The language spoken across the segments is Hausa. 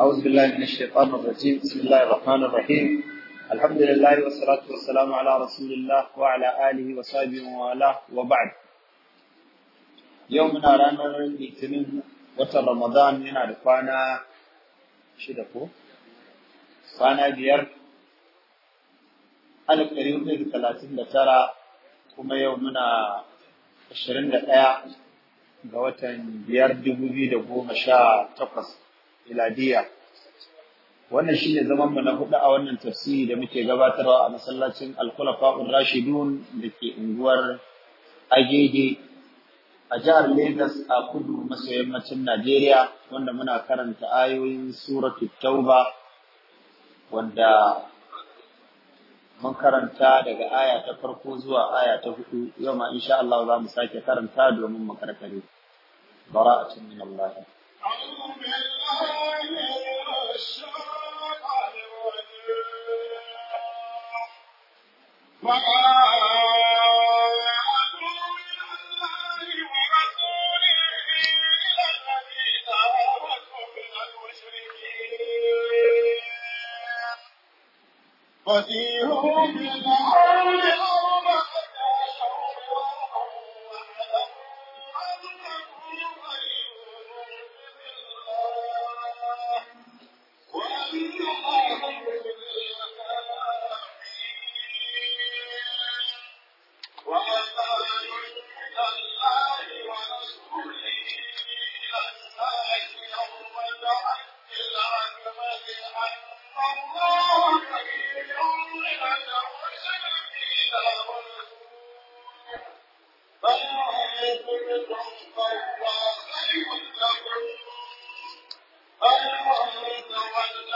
أعوذ بالله من الشيطان الرجيم بسم الله الرحمن الرحيم الحمد لله والصلاة والسلام على رسول الله وعلى آله وصحبه وآله وبعد يومنا رانا الاثنين watan Ramadan yana da kwana shida ko? Kwana biyar, alif da talatin da tara kuma yau muna ashirin da ɗaya ga watan biyar dubu biyu da goma sha takwas. miladiya wannan shine zaman mu na hudu a wannan tafsiri da muke gabatarwa a masallacin Al-Khulafa'ur Rashidun da ke unguwar Agege a jihar Lagos a kudu maso yammacin Najeriya wanda muna karanta ayoyin suratul Tauba wanda mun karanta daga aya ta farko zuwa aya ta hudu yau ma insha Allah za mu sake karanta domin mu karkare bara'atun min Allah أعوذ فسيحوا في الأرض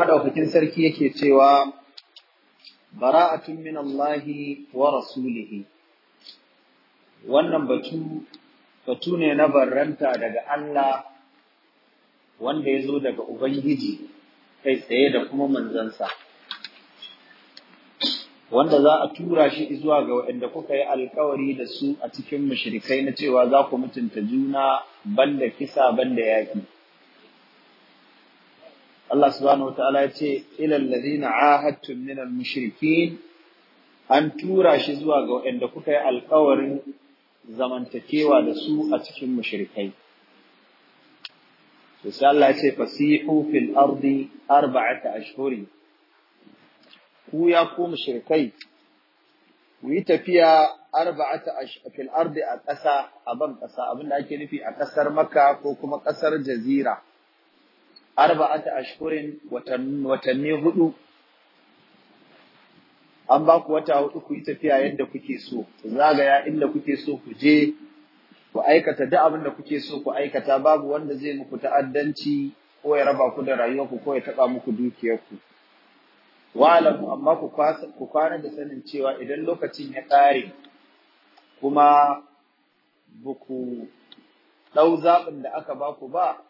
madaukakin sarki yake cewa bara'atun min Allahi wa rasulihi wannan batu batu ne na barranta daga Allah wanda ya zo daga Ubangiji kai tsaye da kuma manzansa wanda za a tura shi zuwa ga waɗanda kuka yi alkawari da su a cikin mushrikai na cewa za ku mutunta juna banda kisa banda yaƙi. Allah subhanahu wataala ya ce ilal ladina ahadtum minal mushrikin an tura shi zuwa ga waɗanda kuka yi alkawarin zamantakewa da su a cikin mushrikai to Allah ya ce fasihu fil ardi arba'ata ashhuri ku ya ku mushrikai ku yi tafiya arba'ata fil ardi a ƙasa a ban ƙasa abinda ake nufi a ƙasar Makka ko kuma ƙasar Jazira arba'ata ashkurin watanni hudu an ba ku wata hudu ku yi tafiya yadda kuke so zagaya inda kuke so ku je ku aikata duk abin da kuke so ku aikata babu wanda zai muku ta'addanci ko ya raba ku da rayuwarku ko ya taba muku dukiyarku wa'alamu amma ku kwana da sanin cewa idan lokacin ya ƙare kuma ba ku ɗau zaɓin da aka ba ku ba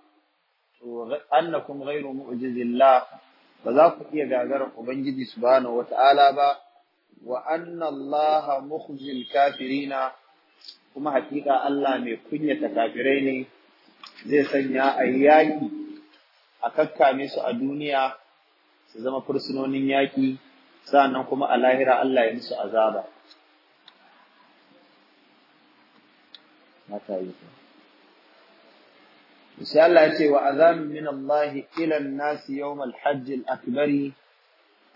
annakum ghairu mu'jizillah ba za ku iya gagara ubangiji subhanahu wata'ala ba wa anna Allah mukhzil kafirina kuma hakika Allah mai kunyata kafirai ne zai sanya a yaki a kakkame su a duniya su zama fursunonin yaki sannan kuma a lahira Allah ya musu azaba mata yi sai Allah ya ce wa azam min Allah ila an-nas yawm al-hajj al-akbari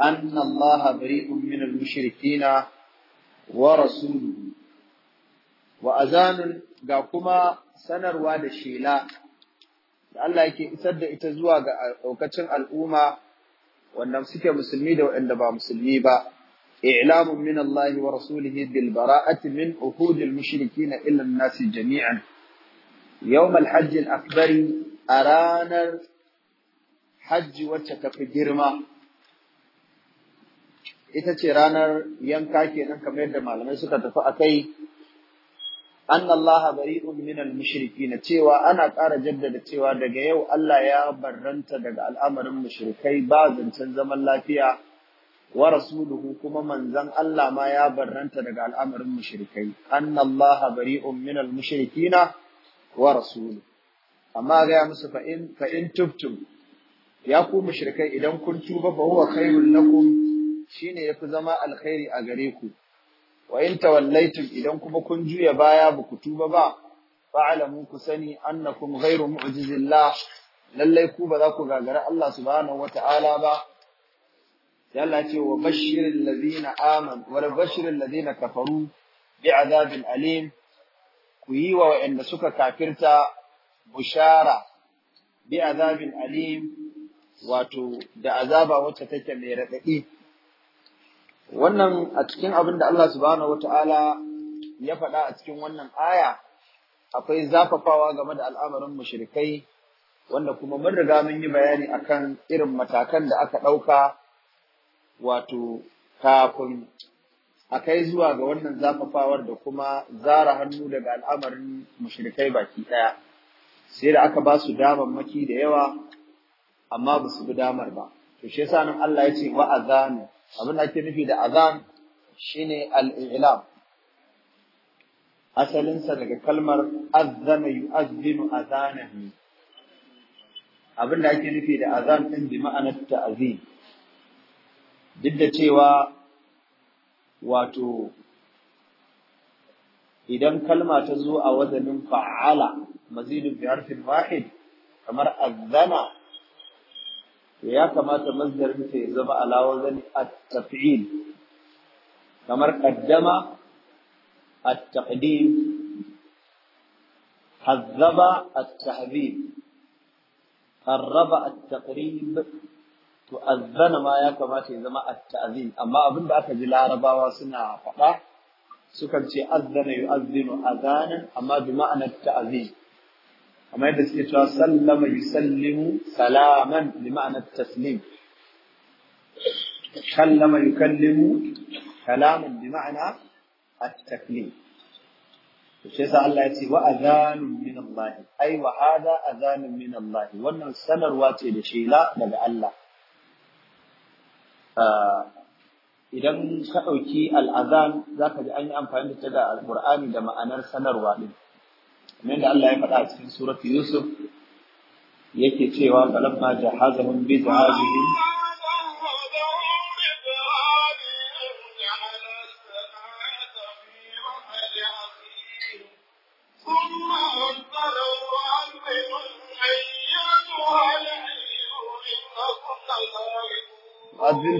anna Allah bari'un min al wa rasuluhu wa ga kuma sanarwa da shela da Allah yake isar da ita zuwa ga daukacin al'umma wanda suke musulmi da waɗanda ba musulmi ba i'lamun min Allah wa rasulihi bil bara'ati min uhudil mushrikeen illa an-nas jami'an yawmal hajjil akbari a ranar hajji wacce kafi girma ita ce ranar yanka kenan kamar yadda malamai suka tafi a kai an Allah bari'un minal mushriki na cewa ana ƙara jaddada cewa daga yau Allah ya barranta daga al'amarin mushrikai ba zancen zaman lafiya wa rasuluhu kuma manzon Allah ma ya barranta daga al'amarin mushrikai an Allah bari'un minal mushrikina wa rasulu amma ga musu fa in fa in tubtum ya ku mushrikai idan kun tuba fa huwa khairul lakum shine yafi zama alkhairi a gare ku wa in tawallaitum idan kuma kun juya baya ba ku tuba ba fa'alamu ku sani annakum ghairu mu'jizillah lallai ku ba za ku gagara Allah subhanahu wata'ala ba yalla ce wa bashirin ladina aman wa bashirin ladina kafaru bi'adabin alim ku yi wa waɗanda suka kafirta bushara bi azabin alim wato da azaba wacce take mai raɗaɗi wannan a cikin abin da Allah subhanahu wata'ala ya faɗa a cikin wannan aya akwai zafafawa game da al'amarin mushrikai wanda kuma mun riga mun yi bayani akan irin matakan da aka ɗauka wato kafin a kai zuwa ga wannan zafafawar da kuma zara hannu daga al'amarin mushirikai baki ɗaya sai da aka ba su maki da yawa amma ba su bi damar ba to shi yasa nan Allah ya ce wa azan abin da ake nufi da azan shine al-i'lam Asalin sa daga kalmar azana yu'azzinu azanahu abin da ake nufi da azan din bi ma'anar ta'zim duk da cewa wato idan kalma ta zo a wazanin fa'ala mazidin fi harfin wahid kamar azzana to ya kamata masdarin ta ya zama ala wazani at-taf'il kamar qaddama at-taqdim hazzaba at-tahbib qarraba at-taqrib to azzana ma ya kamata ya zama at-ta'zin amma abin da aka ji larabawa suna faɗa sukan ce azzana yu'azzinu azanan amma bi ma'anar ta'zin amma yadda suke cewa sallama yusallimu salaman bi ma'anar taslim kallama yukallimu salaman bi ma'ana at-taklim shi yasa Allah ya ce wa azanun min Allah ai wa hada azanun min Allah wannan sanarwa ce da shela daga Allah Eh, idan ka ɗauki al'azan za ka ji an yi amfani da ta da alƙur'ani da ma'anar sanarwa ɗin kamar da Allah ya faɗa a cikin suratu Yusuf yake cewa falamma jahazahum bi jahazihim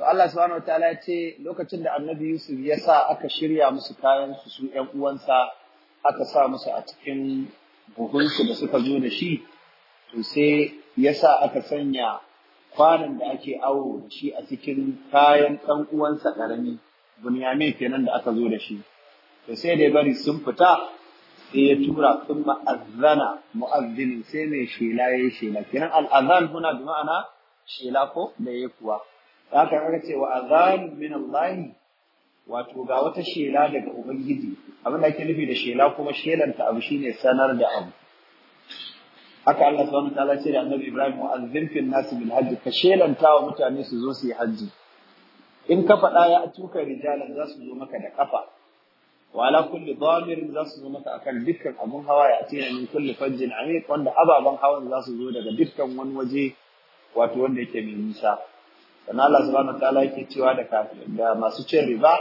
to Allah subhanahu Taala ya ce lokacin da Annabi Yusuf ya sa aka shirya musu kayan su su ƴan uwansa aka sa musu a cikin buhunsu da suka zo da shi to sai ya sa aka sanya kwanan da ake awo da shi a cikin kayan ɗan uwansa ƙarami Bunyame kenan da aka zo da shi to sai da bari sun fita sai ya tura sun ma'azzana mu'azzini sai mai shela ya yi shela kenan al'azan huna bi ma'ana shela ko da ya kuwa haka aka cewa wa azan min Allah wato ga wata shela daga ubangiji abin da ake nufi da shela kuma shelanta abu shine sanar da abu haka Allah subhanahu wataala ce da Annabi Ibrahim wa azim fil nas bil hajj ka shelanta wa mutane su zo su yi hajji in ka faɗa ya tuka rijalan za su zo maka da kafa wa ala kulli damirin za su zo maka akan dukkan abun hawa ya tina min kulli fajjin amiq wanda ababan hawan za su zo daga dukkan wani waje wato wanda yake mai nisa sannan Allah subhanahu wataala yake cewa da kafirin da masu cin riba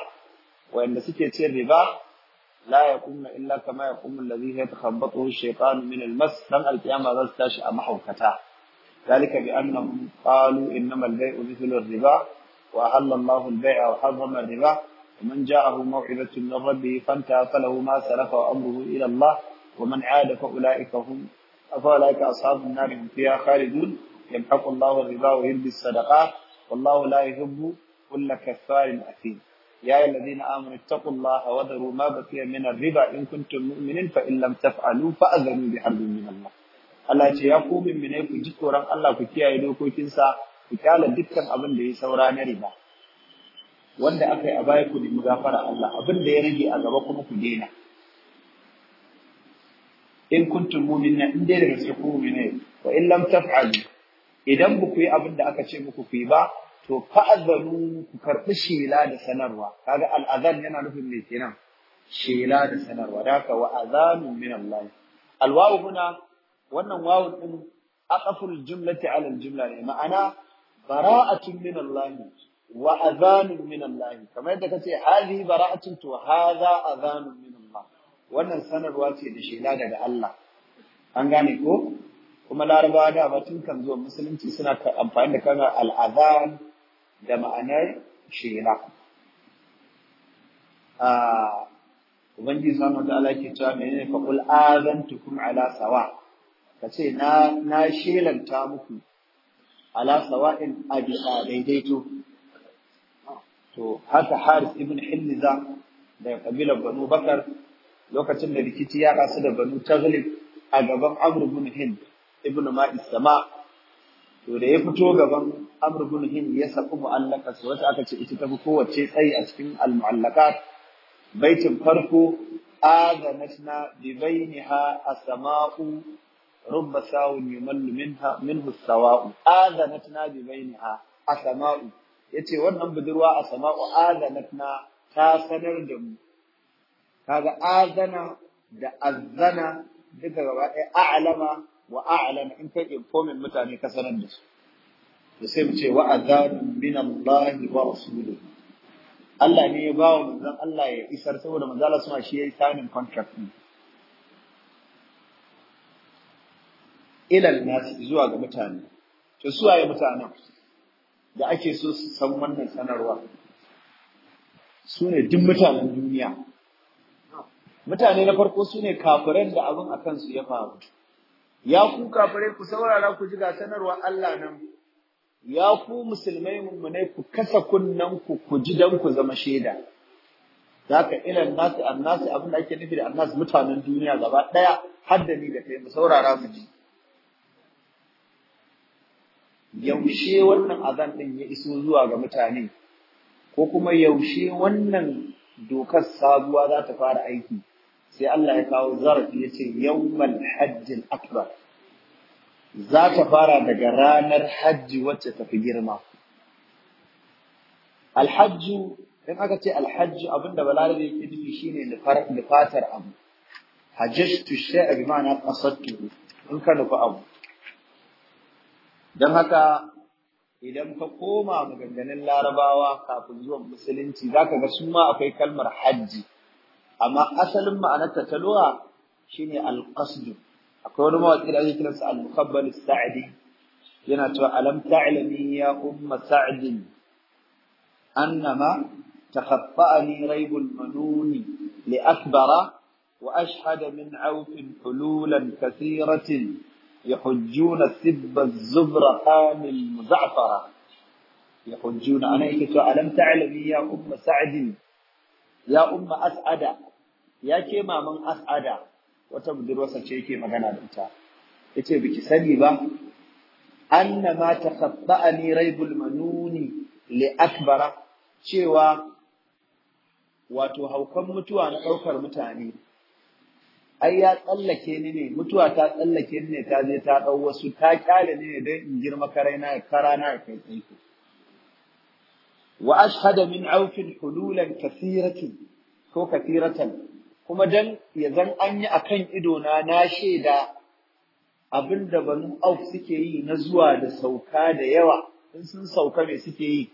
wanda suke cin riba la yaqumna illa kama yaqumu alladhi yatakhabbathu ash-shaytanu min al-mas dan al-qiyama za su tashi a mahaukata ذلك بأنهم قالوا إنما البيع مثل الربا وأحل الله البيع وحرم الربا ومن جاءه موعظة من ربه فانتهى فله ما سلف وأمره إلى الله ومن عاد فأولئك هم فأولئك أصحاب النار هم فيها خالدون يمحق الله الربا ويلبي الصدقات والله لا يحب كل كفار أثيم يا أيها الذين آمنوا اتقوا الله وذروا ما بقي من الربا إن كنتم مؤمنين فإن لم تفعلوا فأذنوا بحرب من الله Allah ce ya mu ne ku ji tsoron Allah ku kiyaye dokokinsa ku kyala dukkan abin da ya saura na riba wanda aka yi a baya ku nemi gafara Allah abin da ya rage a gaba kuma ku daina in kuntum mu'minina in dai daga cikin ku ne wa in lam taf'alu idan ba ku yi abin da aka ce muku ku yi ba to fa'azanu ku karɓi shela da sanarwa kaga al'azan yana nufin mai kenan shela da sanarwa da haka wa azanu min Allah alwawu huna wannan wawu din aqaful jumlati ala jumla ne ma'ana bara'atun min Allah wa azanun min Allah kamar yadda kace hali bara'atun to hadha azanun min Allah wannan sanarwa ce da shela daga Allah an gane ko kuma larabawa dama tun kan zuwa musulunci suna amfani da kana al'azan da ma'anar shela ubangiji subhanahu wataala yake cewa menene fa qul azantukum ala sawa kace na na shelanta muku ala abi a daidaito to haka Haris ibn Hilliza daga kabilar Banu Bakar lokacin da rikici ya rasu da Banu Taghlib a gaban Amr ibn Hind ibn ma'is sama to da ya fito gaban amr ibn him ya saku mu'allaka su wata aka ce ita tafi kowace tsayi a cikin al-mu'allakat baitin farko azanatna bi bainiha as-sama'u rubba sawun yumallu minha minhu as-sawa'u azanatna bi bainiha as-sama'u yace wannan budurwa Asama'u samau azanatna ta sanar da mu kaga azana da azana duka gaba ɗaya a'lama wa a'lam in kai informin mutane ka sanar da su to sai mu ce wa adhanun min Allah wa rasuluhu Allah ne ya bawa manzon Allah ya isar saboda manzala suna shi yayin signing contract din ilal nas zuwa ga mutane to su waye mutanen da ake so su san wannan sanarwa su ne duk mutanen duniya mutane na farko su ne kafiran da abin a kansu ya faru ya ku kafirai ku saurara ku ji ga sanarwa Allah nan ya ku musulmai mummunai ku kasa kunnen ku ku ji dan ku zama shaida zaka ilan nasu annasu abin da ake nufi da annasu mutanen duniya gaba daya ni da kai mu saurara mu ji yaushe wannan azan din ya iso zuwa ga mutane ko kuma yaushe wannan dokar sabuwa za ta fara aiki sai Allah ya kawo zarafi ya ce yawmal hajjil akbar za ta fara daga ranar hajji wacce tafi girma alhajju in aka ce alhajju abinda balarabe yake nufi shine nufatar abu hajjatu shay'a bi ma'ana qasadtu in ka nufi abu dan haka idan ka koma maganganun larabawa kafin zuwan musulunci zaka ga su ma akwai kalmar hajji amma asalin ma'anarta ta lura shine al-qasd akwai wani mawaki da ake kiransa al-muqabbal as-sa'di yana cewa alam ta'lami ya umma sa'd annama takhaffa'ani raybul manuni li akbara وأشهد من عوف حلولا كثيرة يحجون سب الزبرقان المزعفرة يحجون أنا ألم تعلمي يا أم سعد ya umma as'ada ya ke maman as'ada wata budurwarsa ce yake magana da ita yace biki sani ba anna ma takhabba'ani raibul manuni li akbara cewa wato haukan mutuwa na ɗaukar mutane ai ya tsallake ni ne mutuwa ta tsallake ni ne ta je ta ɗau wasu ta kyale ni ne don in girma karai na kara na kai وأشهد من عوف حلولا كثيرة ko kathiratan kuma dan ya zan an akan ido na na sheda abinda banu auf suke yi na zuwa da sauka da yawa in sun sauka me suke yi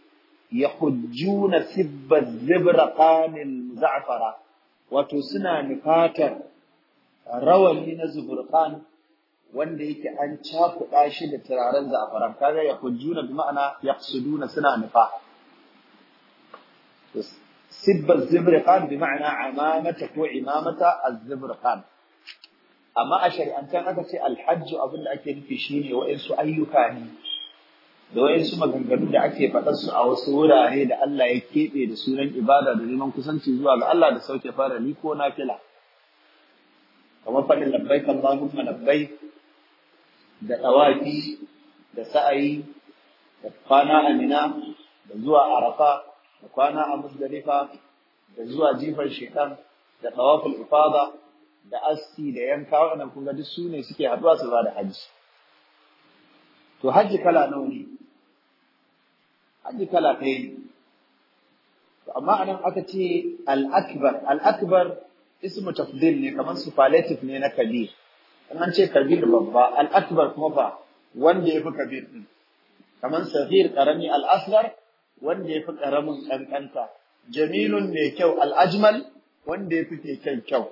yahujjuna sibba zibra za'fara wato suna nufatar rawani na zuburqan wanda yake an cakuɗa shi da turaren za'afaran kaga yahujjuna bi ma'ana yaqsuduna suna nufa sibba zibriqan bi ma'ana amamata ko imamata az-zibriqan amma a shari'antan aka ce alhajj abin da ake nufi shine wa'insu ayyuka ne da wa'insu maganganu da ake faɗar su a wasu wurare da Allah ya keɓe da sunan ibada da neman kusanci zuwa ga Allah da sauke ni ko nafila kamar faɗin labbaik Allahumma labbaik da tawafi da sa'ayi da kwana amina da zuwa arafa kwana a musdalifa da zuwa jifar shekar da tawaful ifada da assi da yanka wannan kun ga duk su ne suke haduwa su ba da hajji to haji kala nawa ne haji kala ɗaya ne to amma anan aka ce al-akbar al-akbar ismu tafdil ne kamar superlative ne na kabir in an ce kabir babba al-akbar kuma fa wanda ya fi kabir din kamar safir karami al-asghar wanda ya fi ƙaramin ƙanƙanta jamilun mai kyau al'ajmal wanda ya fi keken kyau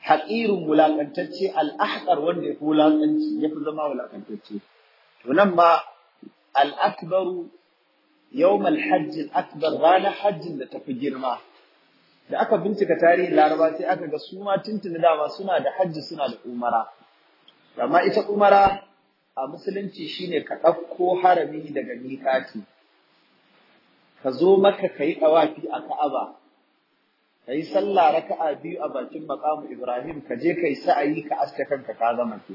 haƙirin wulaƙantacce al'ahƙar wanda ya fi wulaƙanci ya fi zama wulaƙantacce to nan ma al'akbaru yawm alhajj akbar ranar hajjin da ta fi girma da aka bincika tarihin laraba sai aka ga su ma tuntuni dama suna da hajji suna da umara amma ita umara a musulunci shine ka ɗauko harami daga mikati ka zo maka ka yi ɗawafi a ka'aba ka yi sallah raka'a biyu a bakin maƙamu ibrahim ka je ka yi sa'ayi ka aske kanka ka zama ke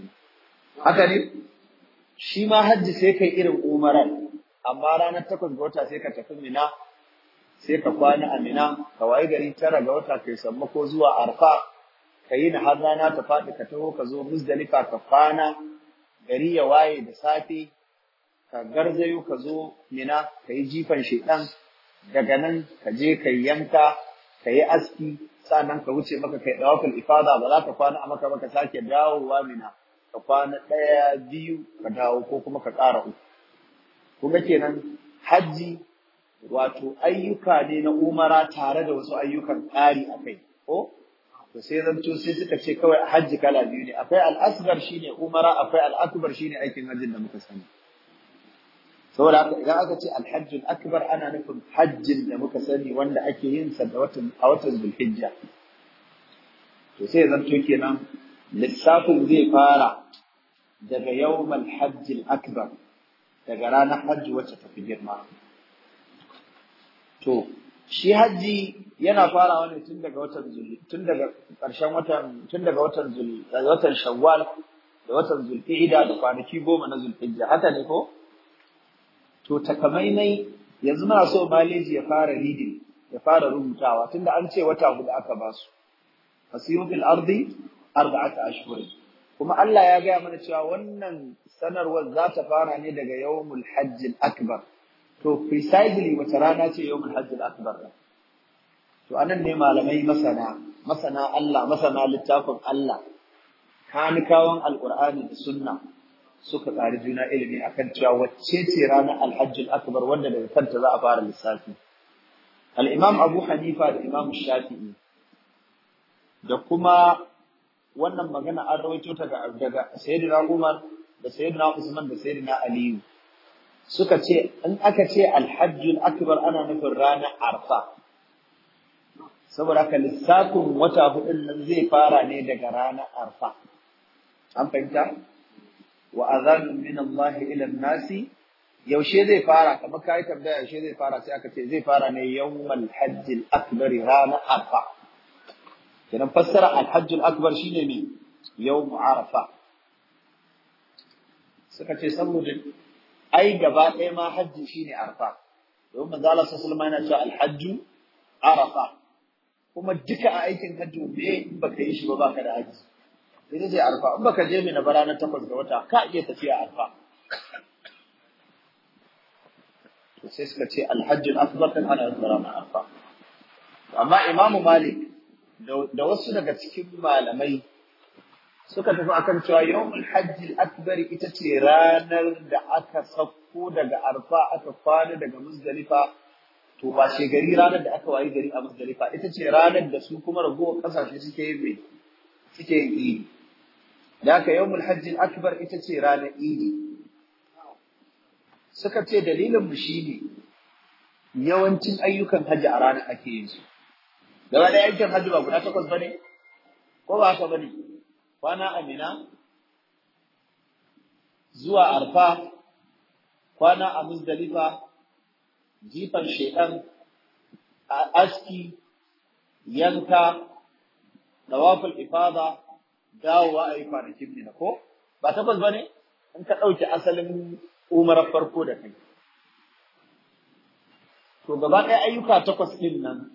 haka ne shi ma hajji sai ka yi irin umaran. amma ranar takwas ga wata sai ka tafi mina sai ka kwana a mina ka wayi gari tara ga wata kai sammako zuwa arfa ka yi na har rana ta faɗi ka taho ka zo musdalifa ka kwana gari ya waye da safe ka garzayo ka zo mina ka yi jifan shaidan daga nan ka je ka yi yanka ka yi aski sannan ka wuce maka kai dawakul ifada ba za ka kwana a maka ba ka sake dawowa mina ka kwana ɗaya biyu ka dawo ko kuma ka ƙara uku kuma kenan hajji wato ayyuka ne na umara tare da wasu ayyukan ƙari akai kai ko to sai zanto sai suka ce kawai hajji kala biyu ne akwai al'asgar shine umara akwai al'akbar shine aikin hajjin da muka sani saboda haka idan aka ce alhajjul akbar ana nufin hajjin da muka sani wanda ake yin sa da watan a watan zulhijja to sai zanto kenan lissafin zai fara daga yawmal hajjil akbar daga ranar hajji wacce ta fi girma to shi hajji yana farawa ne tun daga watan zul tun daga ƙarshen watan tun daga watan zul daga watan shawwal da watan zulhijja da kwanaki goma na zulhijja haka ne ko to takamaimai yanzu muna so maleji ya fara reading ya fara rubutawa tunda an ce wata guda aka ba su fasiru fil ardi arba'ata ashhur kuma Allah ya gaya mana cewa wannan sanarwar za ta fara ne daga yawmul hajjil akbar to precisely wata rana ce yawmul hajjil akbar to anan ne malamai masana masana Allah masana littafin Allah kanikawan alqur'ani da sunna suka tsari juna ilimi akan cewa wacce ce ranar alhajjul akbar wanda daga kanta za a fara lissafi al-imam abu hanifa da imam shafi'i da kuma wannan magana an rawaito ta daga sayyidina umar da sayyidina usman da sayyidina aliyu suka ce in aka ce alhajjul akbar ana nufin ranar arfa saboda haka lissafin wata hudun nan zai fara ne daga ranar arfa an fahimta wa azanun min Allah ila nasi yaushe zai fara kamar kai tambaya yaushe zai fara sai aka ce zai fara ne yawmal hajj al akbar ranar arfa kenan fassara al hajj al akbar shine ne yawm arfa suka ce saboda ai gaba ɗaya ma hajji shine arfa domin manzo Allah sallallahu alaihi wasallam yana cewa al hajj arafa kuma duka a aikin hajji me in baka yi shi ba baka da haji sai dai arfa in baka je mina bara na takwas ga wata ka iya tafiya arfa to sai suka ce alhajj al-akbar kan ana azmara ma arfa amma imam malik da wasu daga cikin malamai suka tafi akan cewa yawmul hajj al-akbar ita ce ranar da aka sauko daga arfa aka kwana daga muzdalifa to ba shi gari ranar da aka wayi gari a Muzdalifa ita ce ranar da su kuma ragowar kasashe suke yi suke yi da ka yawmul hajji akbar ita ce ranar idi suka ce dalilin mu shi ne. yawancin ayyukan hajji a ranar ake yin su gaba da ayyukan hajji ba guda takwas bane ko ba haka bane kwana amina zuwa arfa kwana a muzdalifa jifan shekan a aski yanka dawaful ifada dawowa a yi kwanakin na ko ba tabbas ba ne in ka ɗauki asalin umarar farko da kai to gaba ɗaya ayyuka takwas ɗin nan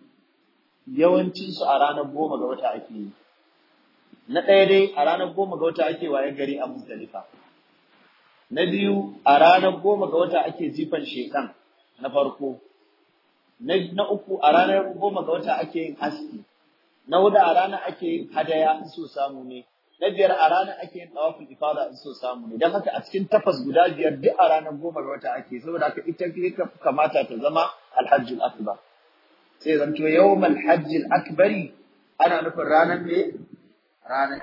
yawancinsu a ranar goma ga wata ake yi na ɗaya dai a ranar goma ga wata ake waye gari a musdalifa na biyu a ranar goma ga wata ake jifan shekan na farko na uku a ranar goma ga wata ake yin aski na huda a ranar ake yin hadaya in so samu ne na biyar a ranar ake yin tawafin ifada in so samu ne don haka a cikin tafas guda biyar duk a ranar goma ga wata ake saboda haka ita kamata ta zama alhajjul akbar sai zanto yau malhajjul akbari ana nufin ranar ne? ranar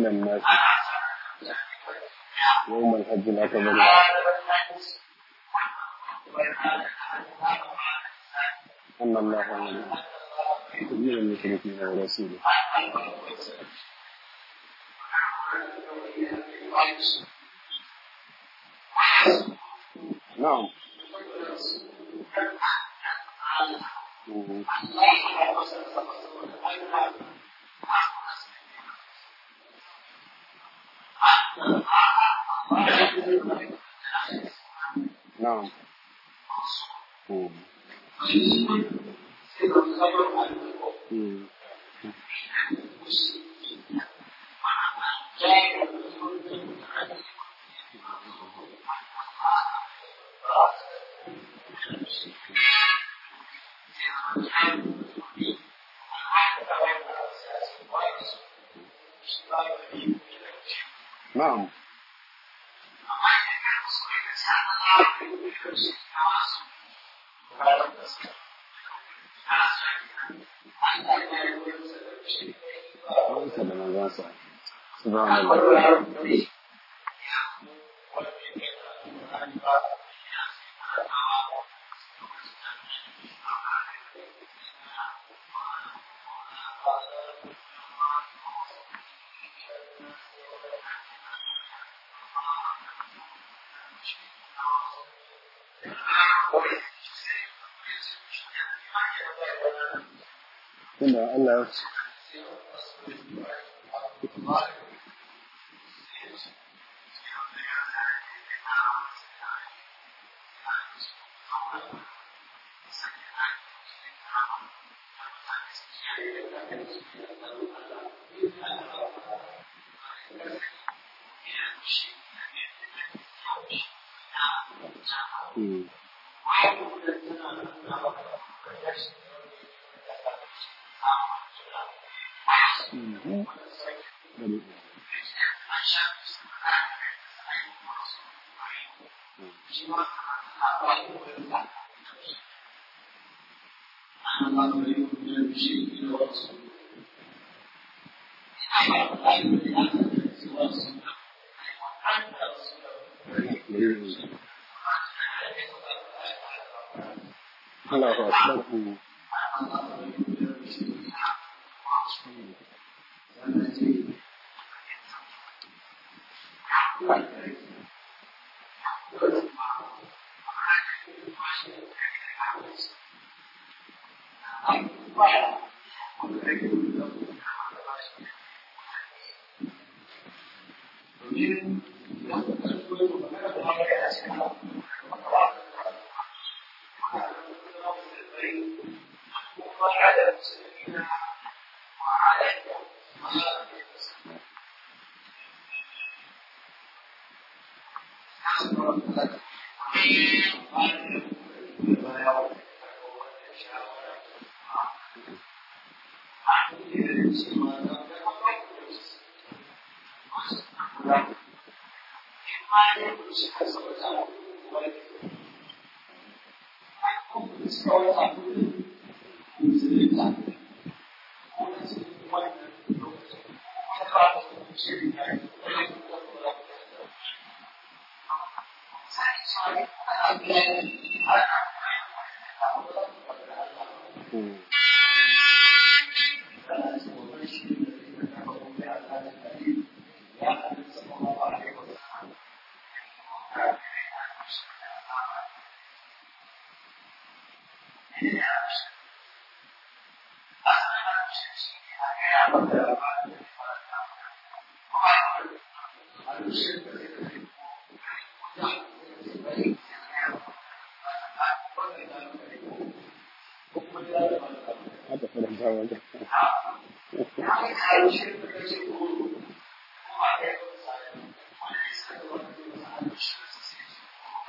من الناس يوم الحج الأكبر أن الله من المشركين ورسوله نعم Mm. Now, vâng, vâng. الله أكبر Thank you.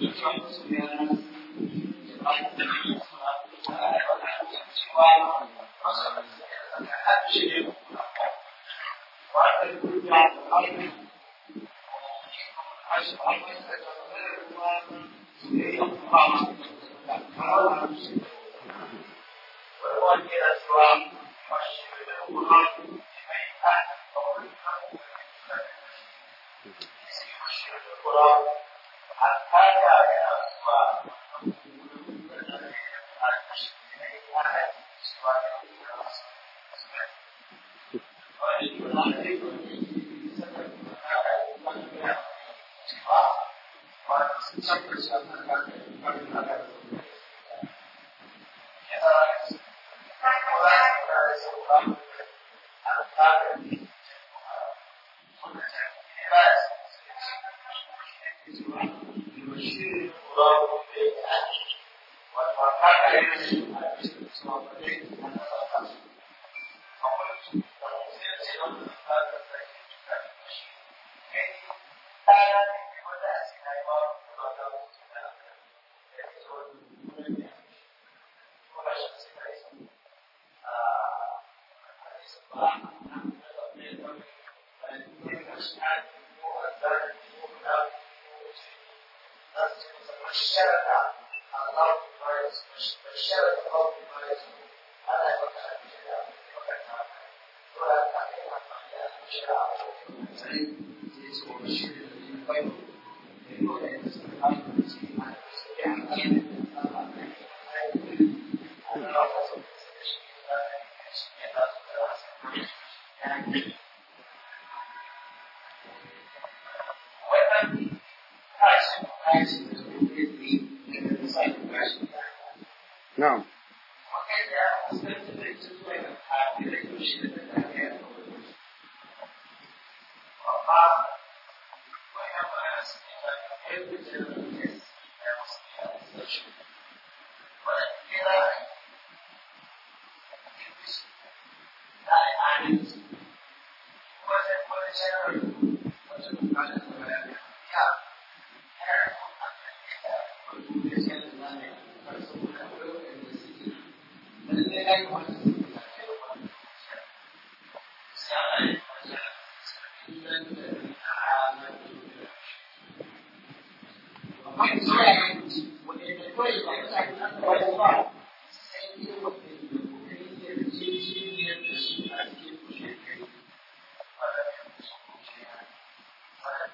Thank you. المشير الله والمرحلة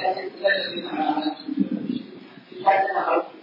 Thank you.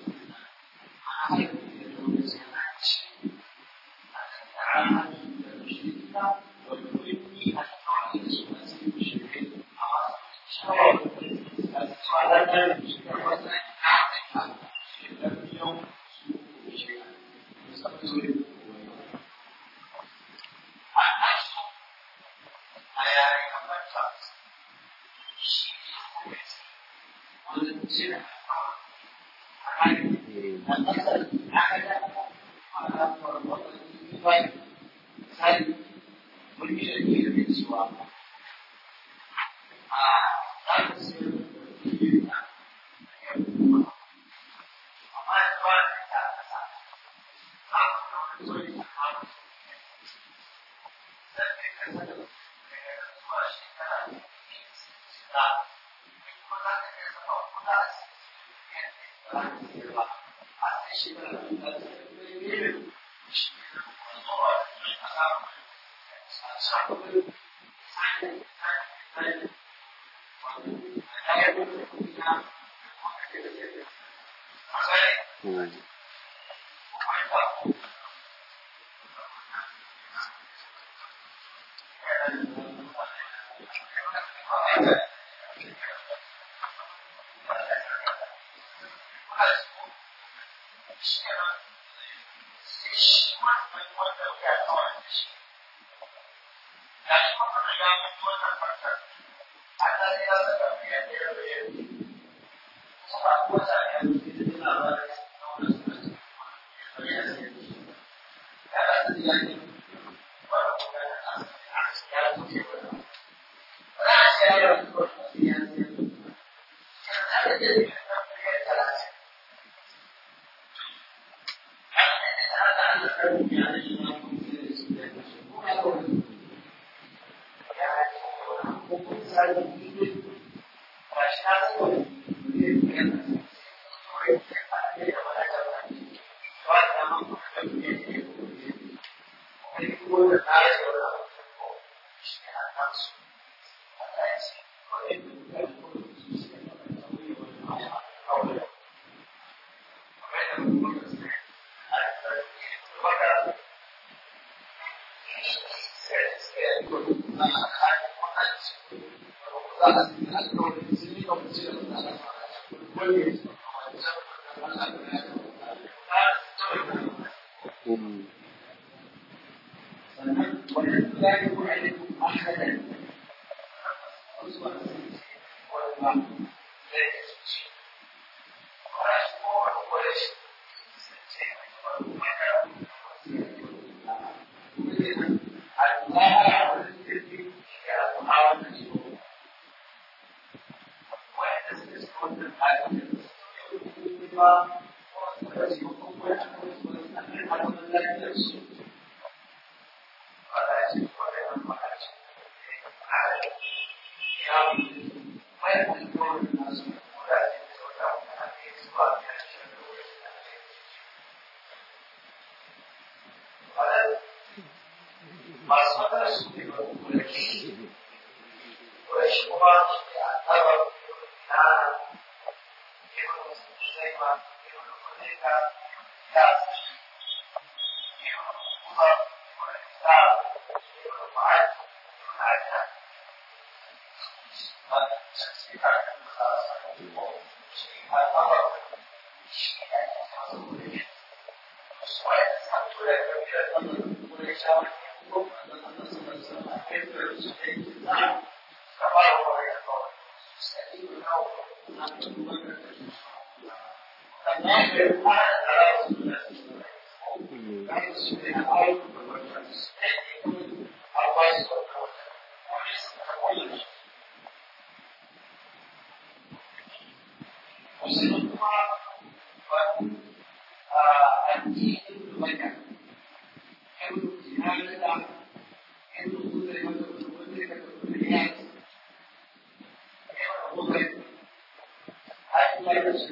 Records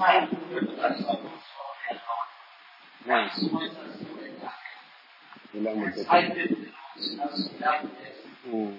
Nice. Mm.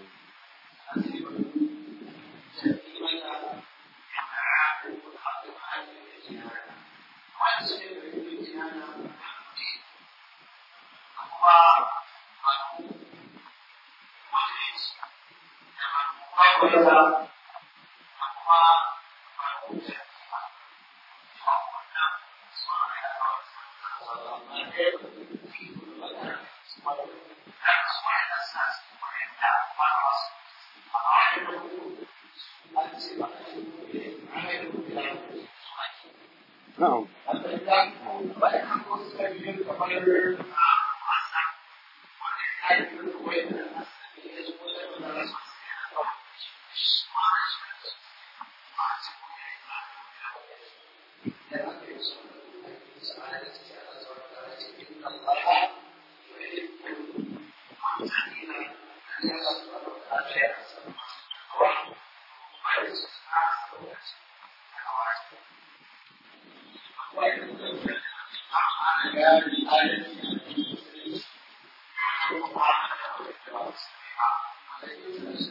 Yes.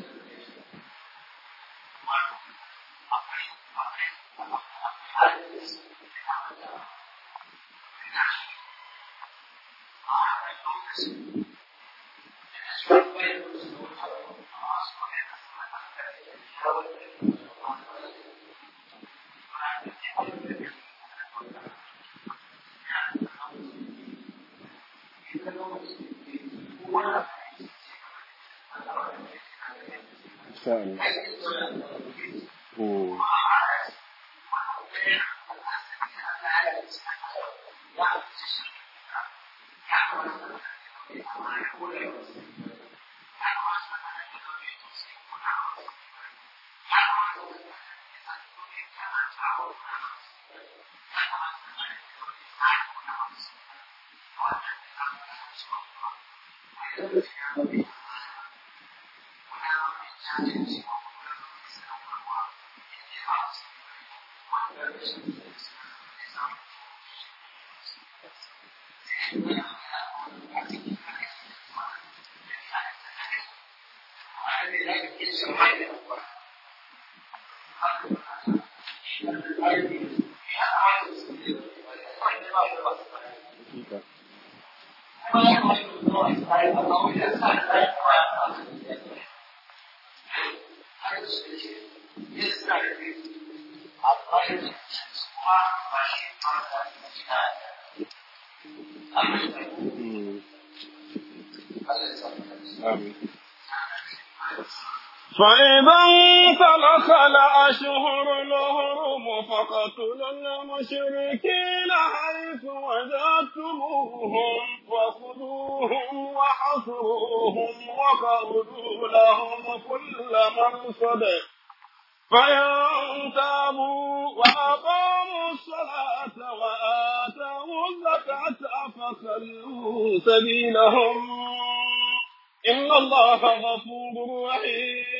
some high فإذا انطلق أشهر الهرم فقتل المشركين حيث وجدتموهم فخذوهم وحصروهم وقولوا لهم كل مرصد فإن تابوا وأقاموا الصلاة وآتوا الزكاة فخلوا سبيلهم إن الله غفور رحيم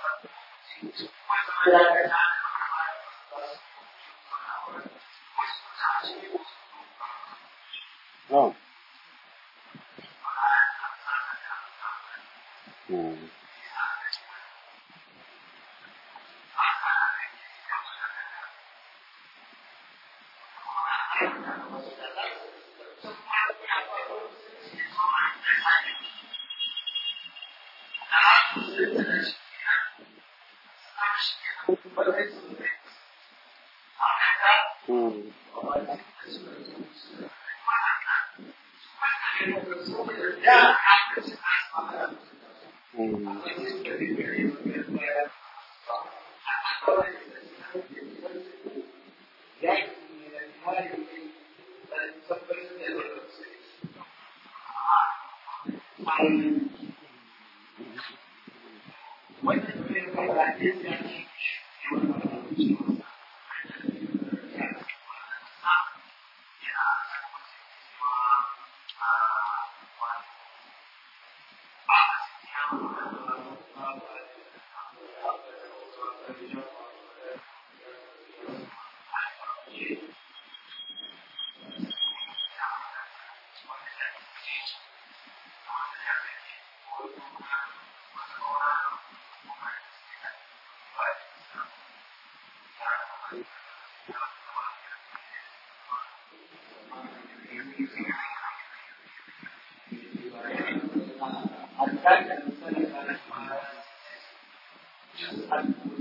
就是他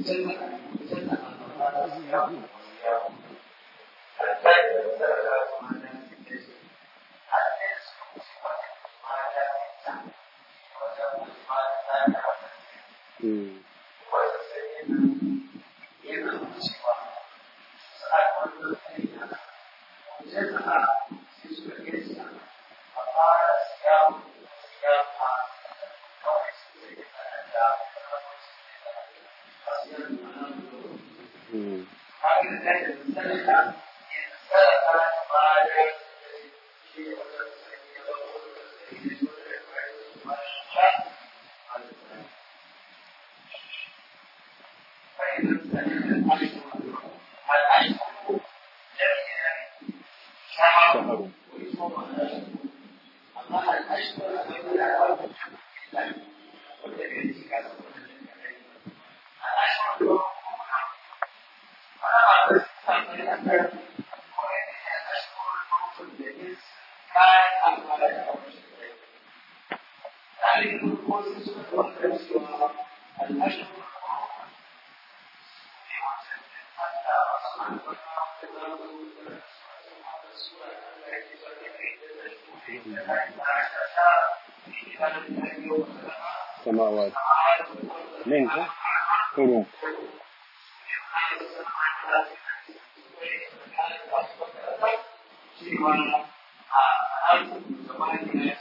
真的，真的，他就是要。al'amarin Thank you.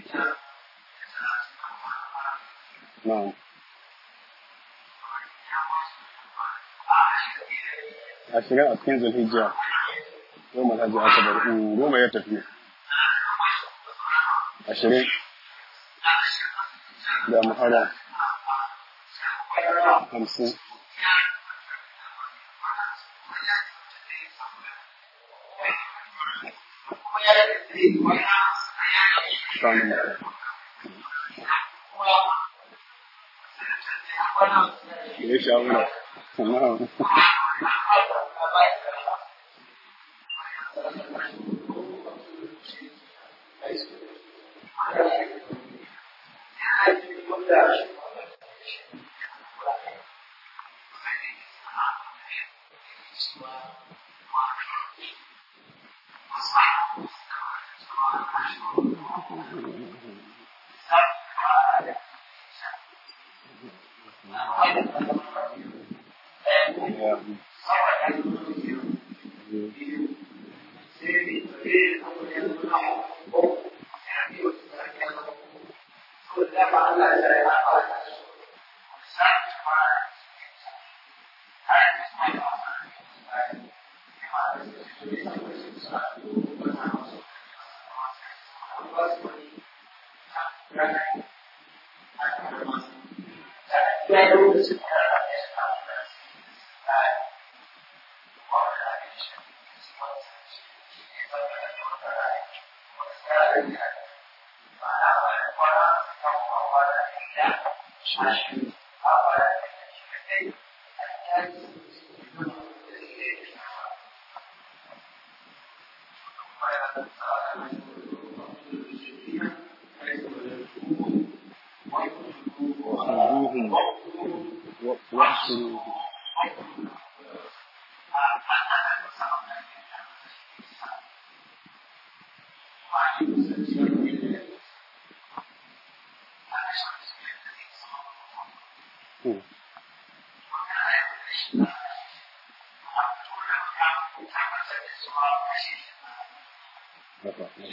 shigar a cikin zulhijja yau ma hajji aka bar goma ya tafi ashirin da muhara hamsin Thank you.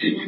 Thank you.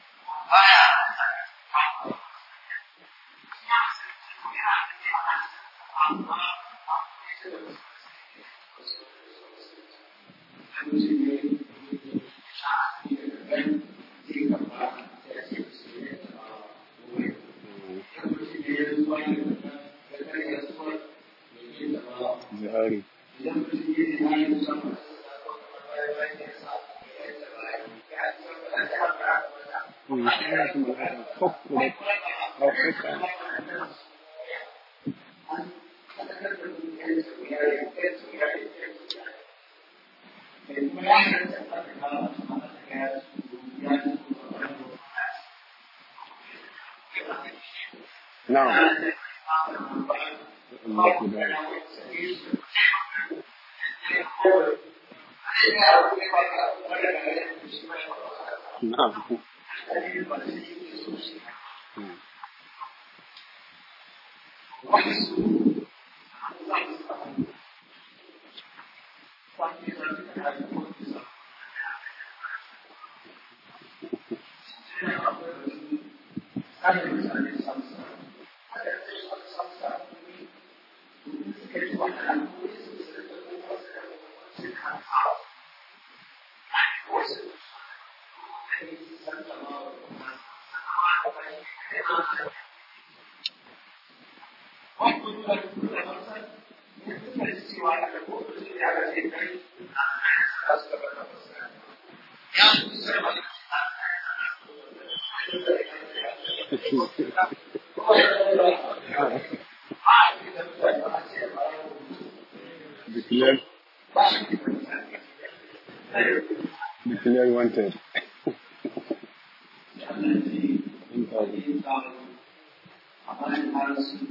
wanted. Thank you.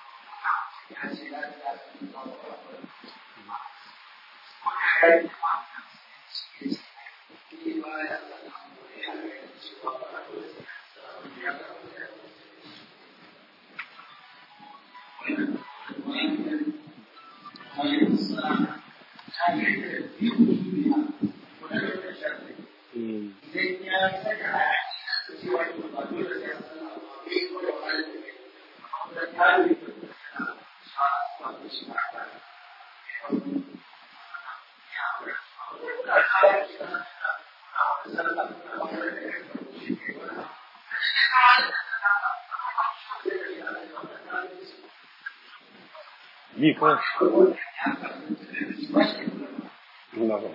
啊，你看现在现在怎么着了？对吧？我还打电话，今天今天，第一班要上，我也要，希望我儿子也上，一样的。Много.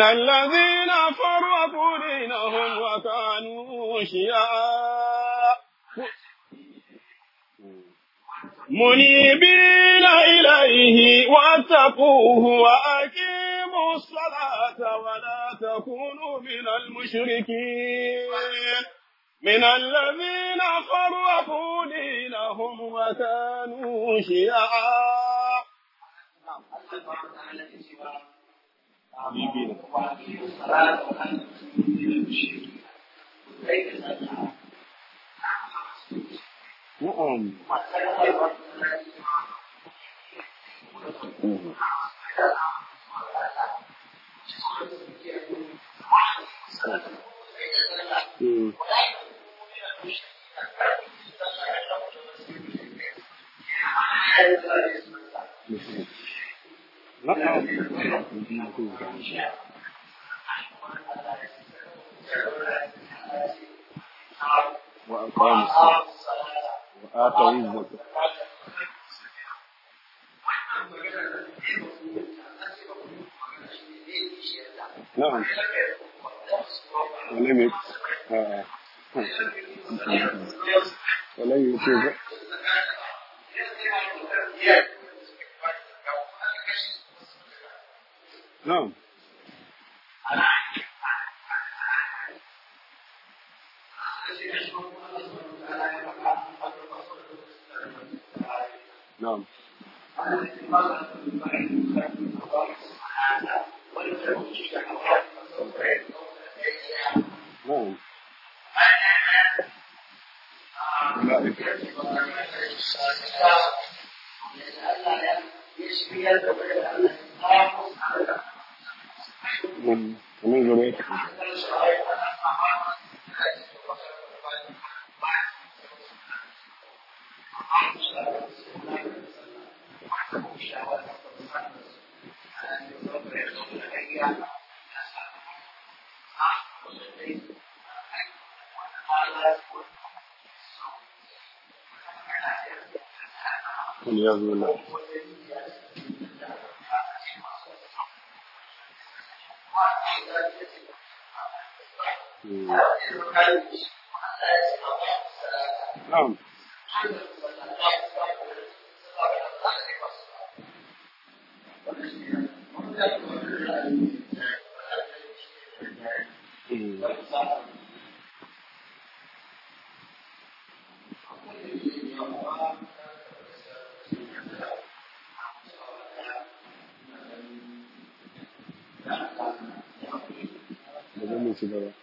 من الذين فرقوا دينهم وكانوا شيعا منيبين إليه واتقوه وأقيموا الصلاة ولا تكونوا من المشركين من الذين فرقوا دينهم وكانوا شيعا Mm-hmm. وأقام الصلاة الزكاة نعم ولم يكن Belum sudah.